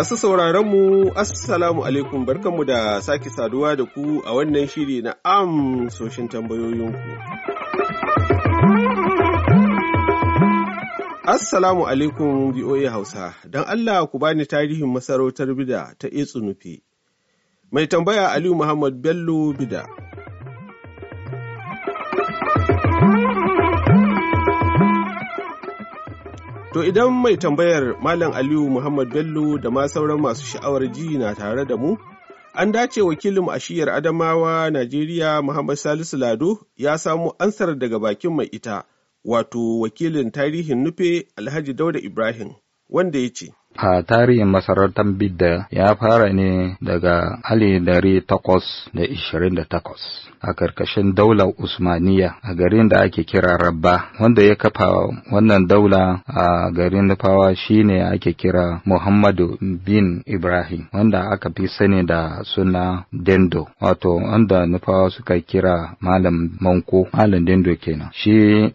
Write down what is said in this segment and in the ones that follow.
Masu mu Assalamu alaikum barkanmu da sake saduwa da ku a wannan shiri na amsoshin tambayoyinku. Assalamu alaikum VOA Hausa, don Allah ku bani tarihin masarautar bida ta Etsunufe. Mai tambaya Aliyu Muhammad Bello Bida. To idan mai tambayar Malam Aliyu Muhammad Bello da ma sauran masu sha'awar ji na tare da mu, an dace wakilin ashiyar Adamawa Najeriya Muhammad Salisu Lado ya samu ansar daga bakin mai ita, wato wakilin tarihin nufe Alhaji Dauda Ibrahim, wanda ya ce. a tarihin masarautar bidda ya fara ne daga ali dari takwas da ishirin da takwas a karkashin daular usmaniya a garin da ake kira rabba wanda ya kafa wannan daula a garin nufawa shine ake kira muhammadu bin ibrahim wanda aka fi sani da suna dendo wato wanda nufawa suka kira malam manko malam dendo kenan shi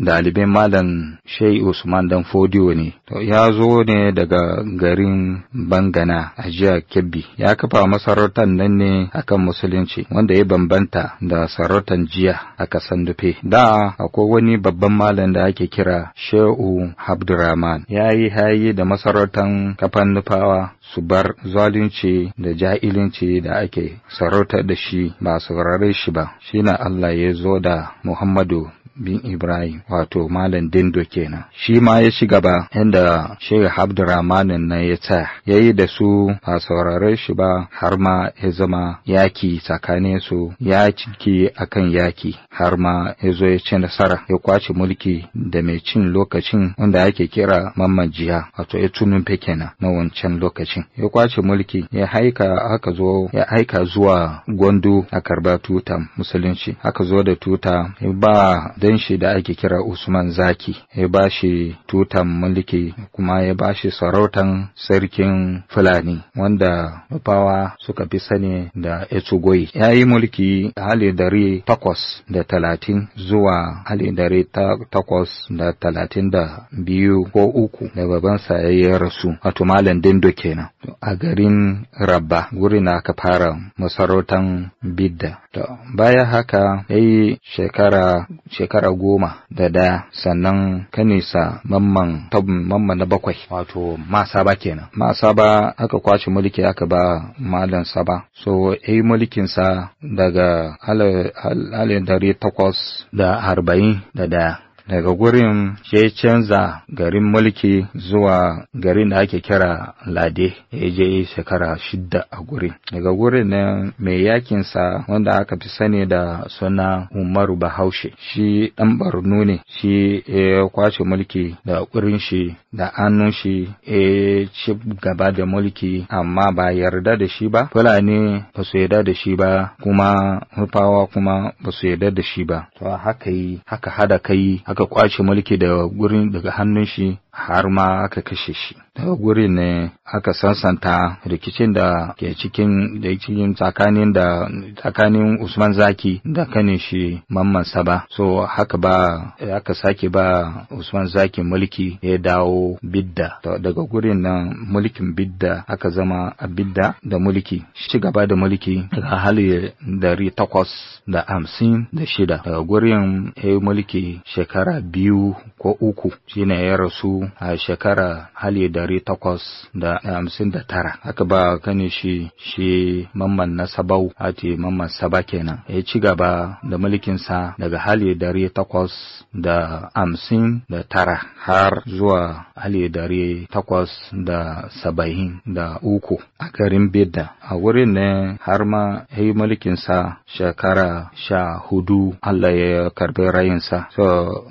ɗalibin malam shai usman dan fodiyo ne to ya zo ne daga garin Bangana a jihar Kebbi ya kafa masarautar nan ne akan musulunci wanda ya bambanta da sarautar jiya a kasan dufe. Da akwai wani babban malam da ake kira Shehu Abdurrahman ya yi hayi da masarautar kafan nufawa su bar zalunci da ja'ilunci da ake sarauta da shi ba saurare shi ba shi na Allah ya zo da Muhammadu bin Ibrahim wato Malam Dindo kenan shi ma ya ci gaba inda Sheikh Abdurrahmanin na ya ta yayi da su ba saurare shi ba har ma ya zama yaki tsakanin su ya ciki akan yaki har ma ya zo ya ci nasara ya kwace mulki da mai cin lokacin wanda ake kira mamajiya wato ya tunun kenan na wancan lokacin ya kwace mulki ya haika aka zo ya aika zuwa gwandu a karba tuta musulunci haka zo da tuta ya ba dan shi da ake kira Usman Zaki ya ba shi tutan mulki kuma ya ba shi sarautan sarkin Fulani wanda mafawa suka fi sani da etugoi ya yi mulki hali dare takwas da talatin zuwa hali dare takwas da talatin da biyu ko uku da babansa ya yi rasu a tumalan dindo kenan to a garin Rabba na aka fara masarautan Bidda. To baya haka ya yi shekara shekara goma da ɗaya, sannan kanisa mamman mamman na bakwai wato masaba kenan. saba aka kwace mulki aka ba malam saba. So ya yi mulkinsa daga alif dari takwas da arba'in da daya. daga gurin ya canza garin mulki zuwa garin da ake kira lade ya je shekara shida a gurin daga gurin nan mai yakinsa wanda aka fi sani da suna umaru bahaushe shi ɗan barnu ne shi ya kwace mulki da gurin shi da hannun shi ya ci gaba da mulki amma ba yarda da shi ba fulani ba su yarda da shi ba kuma rufawa kuma ba su yarda da shi ba to haka yi haka hada kai haka aka kwace mulki daga gurin daga hannun shi har ma aka kashe shi guri ne aka sansanta rikicin da ke cikin da cikin tsakanin da tsakanin Usman Zaki da kanin shi Mamman Saba so haka ba aka sake ba Usman Zaki mulki ya dawo Bidda daga gurin nan mulkin Bidda aka zama a Bidda da mulki shi gaba da mulki daga hali dari takwas da hamsin da shida daga gurin ya mulki shekara biyu ko uku shine ya rasu a shekara hali dari ɗari takwas da hamsin da tara aka ba kane shi shi mamman na sabau ati mamman saba kenan ya ci gaba da mulkinsa daga hali dari takwas da hamsin da tara har zuwa hali dari takwas da saba'in da uku a garin bedda. a wurin ne har ma ya yi mulkinsa shekara sha hudu Allah ya karbi rayinsa so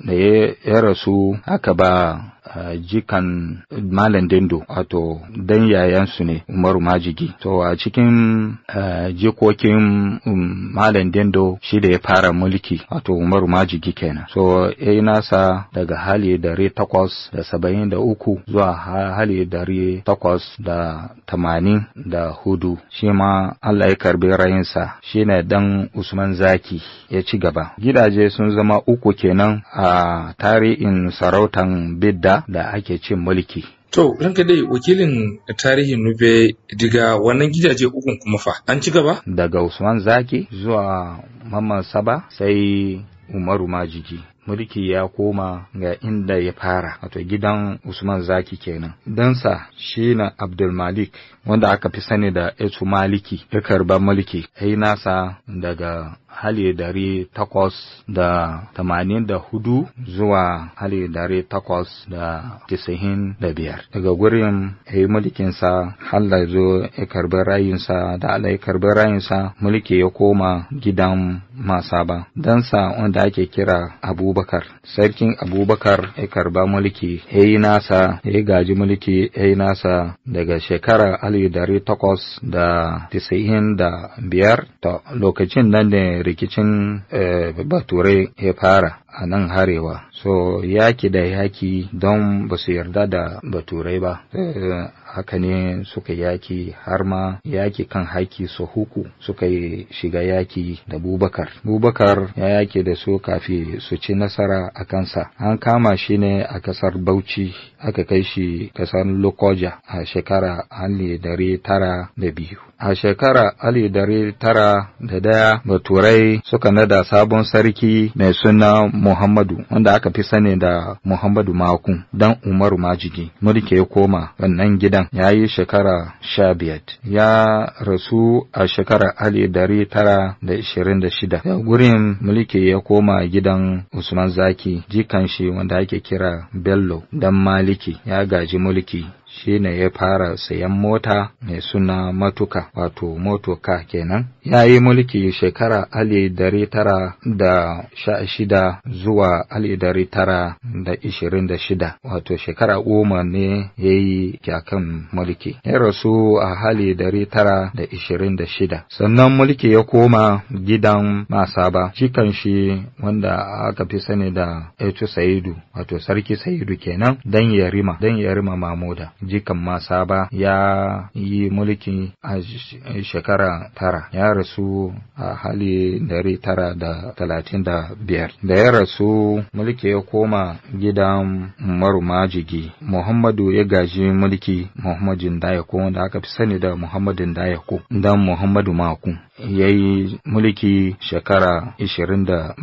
da ya rasu aka ba eh, jikan malam bangaren dindo wato dan yayansu ne umaru majigi to a cikin eh, jikokin um, malam dindo shi da ya fara mulki wato umaru majigi kenan so ya yi nasa daga hali dari takwas da saba'in da uku zuwa hali dari takwas da tamanin da hudu shi ma allah ya karbi rayinsa shi ne dan usman zaki ya ci gaba gidaje sun zama uku kenan a tarihin sarautan bidda da ake cin mulki To, ka dai wakilin tarihin Nube diga wannan gidaje ukun kuma fa an ci gaba? Daga Usman Zaki zuwa Mamman Saba sai Umaru Majiji. mulki ya koma ga inda ya fara wato gidan Usman Zaki kenan dansa shi Abdul Malik wanda aka fi sani da Etu Maliki ya karba mulki ai nasa daga hali dari takwas da tamanin da hudu zuwa hali dari takwas da tisa'in da biyar daga gurin ya yi mulkinsa Allah zo ya karbi rayunsa da ala ya karbi rayunsa mulki ya koma gidan masa ba dansa wanda ake kira abubakar sarkin abubakar ya karba mulki ya yi nasa ya gaji mulki ya yi nasa daga shekara hali dari takwas da tisa'in da biyar lokacin nan ne rikicin eh, baturai ya fara a nan harewa so yaki da yaki don ba su yarda da baturai ba eh, haka ne suka yaki har ma yaki kan haki su huku suka yi shiga yaki da bubakar bubakar ya yaki da su kafi su ci nasara a kansa an kama shi ne a kasar bauchi aka kai shi kasar lokoja a shekara hali dare tara da biyu a shekara hali dare tara da daya baturai suka nada sabon sarki mai suna Muhammadu wanda aka fi sani da Muhammadu Makun dan Umaru Majigi mulki ya koma wannan gidan ya yi shekara sha ya rasu a shekara ali dari tara da ishirin da shida gurin mulki ya koma gidan Usman Zaki jikan shi wanda ake kira Bello dan Maliki ya gaji mulki shine ya fara sayan mota mai suna matuka wato motoka kenan ya yi mulki shekara ali dari tara da sha shida zuwa ali dari tara da ishirin da shida wato shekara goma ne ya yi kyakan mulki ya rasu a hali dari tara da ishirin da shida sannan mulki ya koma gidan masaba shi kan shi wanda aka fi sani da etu saidu wato sarki saidu kenan dan yarima dan yarima mamuda jikan masa ba ya yi mulki a shekara tara ya rasu a hali dari tara da talatin da biyar da ya rasu mulki ya koma gidan Umaru Majigi Muhammadu ya gaji mulki Muhammadin Dayako da aka fi sani da Muhammadin Dayako dan Muhammadu Maku ya yi mulki shekara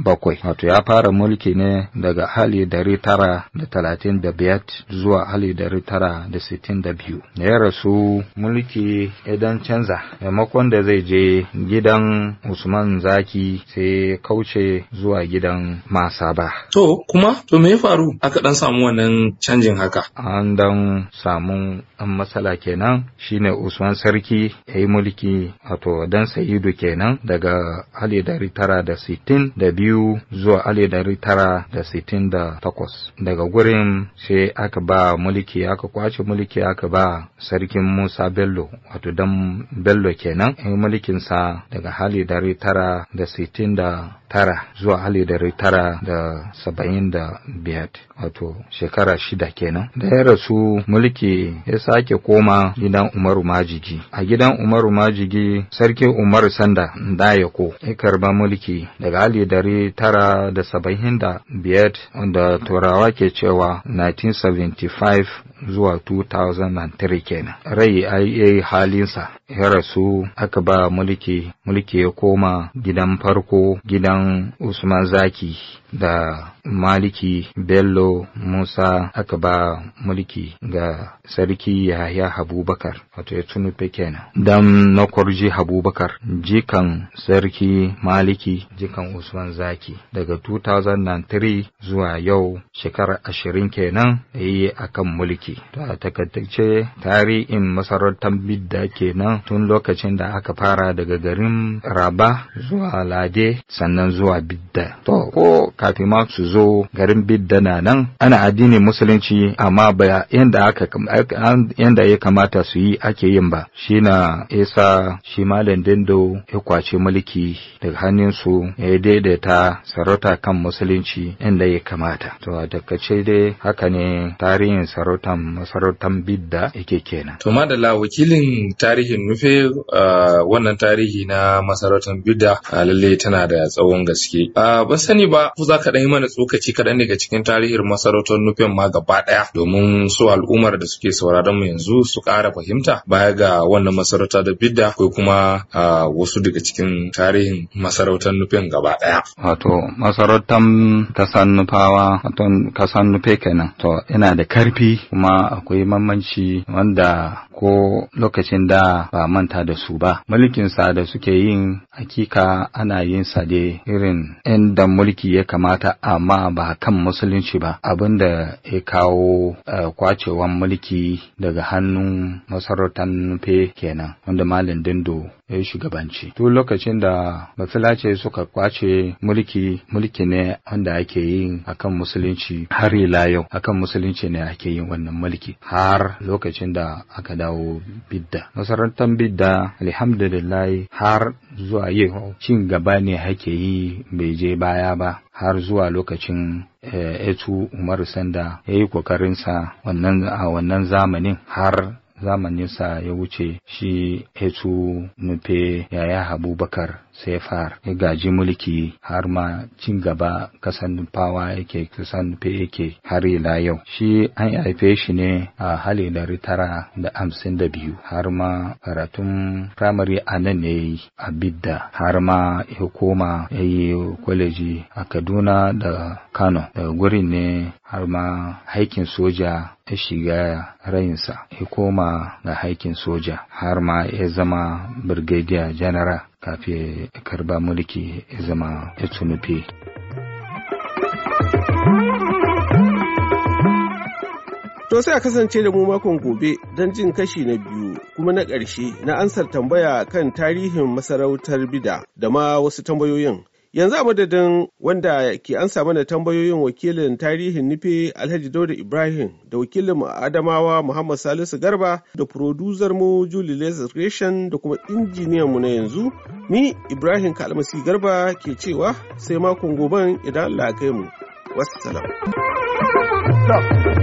bakwai. wato ya fara mulki ne daga hali dari tara da talatin da biyat zuwa hali dari tara da sittin da biyu da ya rasu mulki idan canza maimakon da zai je gidan usman zaki sai kauce zuwa gidan Masa ba. to kuma to me ya faru aka dan samu wannan canjin haka an dan samu an matsala kenan shine usman sarki ya yi mulki wato dan sayidu kudu kenan daga alif dari tara da sittin da biyu zuwa alif dari tara da sittin da takwas daga gurin sai aka ba mulki aka kwace mulki aka ba sarkin musa bello wato dan bello kenan mulkinsa daga hali dari tara da sittin da tara zuwa hali dari tara da saba'in da biyar wato shekara shida kenan da ya rasu mulki ya sake koma gidan umaru majigi a gidan umaru majigi sarki umaru sanda dayako ya karba mulki daga hali dari tara da saba'in da biyar wanda turawa ke cewa 1975 zuwa 2003 kenan rai a yi halinsa ya rasu aka ba mulki mulki ya koma gidan farko gidan kan usman zaki da maliki bello musa aka ba mulki ga sarki yahya habubakar wato ya tunufe kenan dan na kwarji habubakar jikan sarki maliki jikan usman zaki daga 2003 zuwa yau shekarar ashirin kenan da yi a kan mulki to a takaitace tarihin masarautar bidda kenan tun lokacin da aka fara daga garin raba zuwa lade sannan nan zuwa bidda to hmm. ko kafin ma su zo garin bidda na nan ana addinin musulunci amma ba yanda aka yanda ya kamata su yi ake yin ba shi na isa shi malam dindo ya kwace mulki daga hannunsu ya daidaita sarauta kan musulunci inda ya kamata to a dakace dai haka ne tarihin sarautan masarautan bidda yake kenan to madalla wakilin tarihin nufe wannan tarihi na masarautan bidda lalle tana da tsawon yawan gaske. Ba sani ba ku za ka ɗanyi mana tsokaci kaɗan daga cikin tarihin masarautar nufin ma gaba ɗaya domin su al'ummar da suke sauraron mu yanzu su ƙara fahimta baya ga wannan masarauta da bidda ko kuma wasu daga cikin tarihin masarautar nufin gaba ɗaya. Wato masarautar ta san nufawa wato kasan nufe kenan to Ina da karfi kuma akwai mamanci wanda ko lokacin da ba manta da su ba Mulkin mulkinsa da suke yin hakika ana yin sa dai irin inda mulki ya kamata amma ba kan musulunci ba abin da ya kawo eh, kwacewan mulki daga hannun masarautar nufe kenan wanda malin dindo ya yi shugabanci. Tun lokacin da Bafilace suka kwace mulki mulki ne wanda ake yi akan musulunci har ila yau akan musulunci ne ake yi wannan mulki har lokacin da aka dawo bidda. Masarautar bidda alhamdulillah har zuwa yau cin gaba ne ake yi bai je baya ba har zuwa lokacin eh, etu umaru sanda ya yi kokarinsa a wannan zamanin har zamaninsa ya wuce shi Hetu Nufe Yaya Abubakar Sai ya gaji mulki har ma cin gaba kasan fawa yake kasan fe yake har ila yau shi an haife shi ne a hali dari tara da hamsin da biyu har ma karatun firamare a nan ne a bidda har ma ya koma ya yi kwaleji a kaduna da kano da gurin ne har ma haikin soja ya shiga rayinsa ya koma ga haikin soja har ma ya zama Birgediya janara kafin karba mulki ya zama tunufe. To sai a kasance da mu makon gobe don jin kashi na biyu kuma na ƙarshe na ansar tambaya kan tarihin masarautar bida da ma wasu tambayoyin. Yanzu a madadin wanda ke an samu da tambayoyin wakilin tarihin nufe Alhaji Dauda Ibrahim da wakilin Adamawa Muhammad Salisu Garba da producer mu Julie Lesgration da kuma injiniyan mu na yanzu ni Ibrahim Kalmasi Garba ke cewa sai makon goben idan Allah kai mu. Stop.